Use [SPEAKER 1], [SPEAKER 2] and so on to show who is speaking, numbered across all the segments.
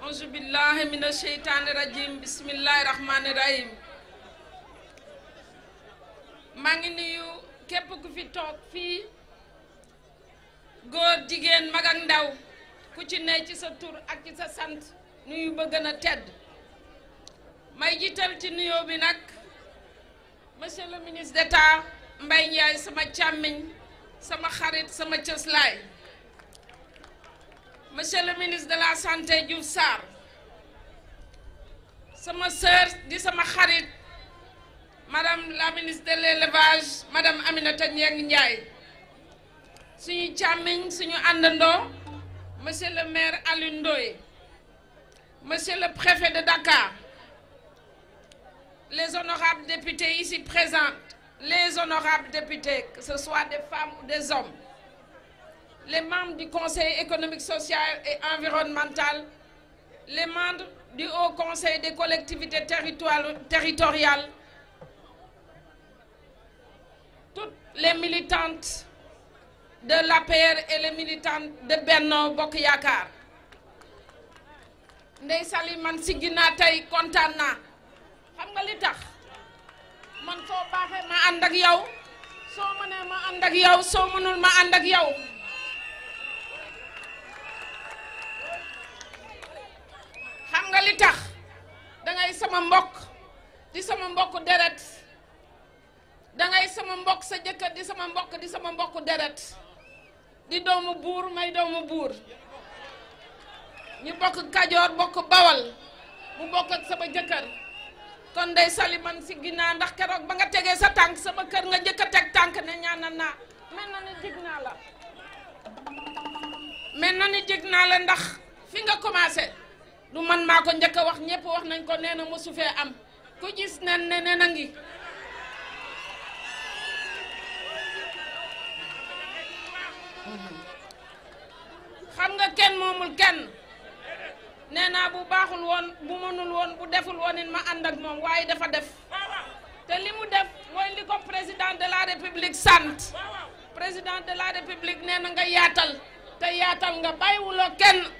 [SPEAKER 1] auzu billahi mina sheytaani rajim bismillahi rahmaani rahim maa ngi képp ku fi toog fii góor jigéen mag ndaw ku ci ne ci sa tur ak ci sa sant nuyu bëgg gën a tedd may jiital ci nuyoo bi nag monsieur le ministre d'État Mbaye Ndiaye sama càmmiñ sama xarit sama cëslaay monsieur le ministre de la santé Diouf Sarr ma sœur di sama madame la ministre de l'élevage madame Aminata Niang Ndiaye suñu Chaming, suñu Andendo, monsieur le maire Alundoy. monsieur le préfet de Dakar les honorables députés ici présents les honorables députés que ce soit des femmes ou des hommes les membres du Conseil économique, social et environnemental, les membres du Haut Conseil des collectivités territoriales, toutes les militantes de l'APR et les militantes de Benno Bokiyakar, Yaakaar ndey Sali man si ginnaaw tey kontaan xam nga li tax man soo baxé ma ànd yow so ma yow ma yow nga li tax ngay sama mbokk di sama mbokk deret ngay sama mbokk sa jëkkër di sama mbokk di sama mbokk deret di doomu bur may doomu bur ñu bokk kadior bokk bawal mu bokk ak sama saliman kon day sali man si gina ndax keroog ba nga tegee sa tank sama kër nga jëkk tek tank na ñaanal ni jig la ni jig ndax fi nga commencé lu man mako ko wax ñëpp wax nañ ko neena mu mosu am ku gis na ne nen a xam nga kenn momul kenn neena bu baxul won bu mënul won bu deful woon ma and ak mom waye dafa def te limu def moy li ko de la république sant président de la république neena nga yaatal te yaatal nga bayiwulo kenn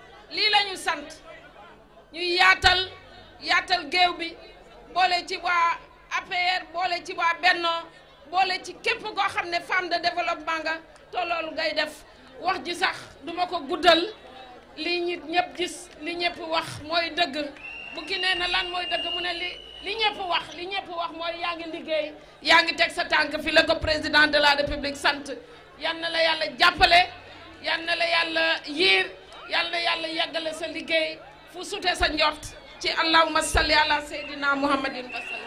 [SPEAKER 1] lii la ñu sant ñu yaatal yaatal géew bi boole ci waa APR boole ci waa Bennoo boole ci képp koo xam ne femme de développement nga te ngay def wax ji sax duma ko guddal li nit ñëpp gis li ñëpp wax mooy dëgg bu ki na lan mooy dëgg mu ne li li ñëpp wax li ñëpp wax mooy yaa ngi liggéey yaa ngi teg sa tànk fi la ko président de la république sant yan na la yàlla jàppale yan na la yàlla yiir yalla yalla yàlla sa liggey fu soute sa njort ci allahumma salli ala sayidina muhammadin wa sallam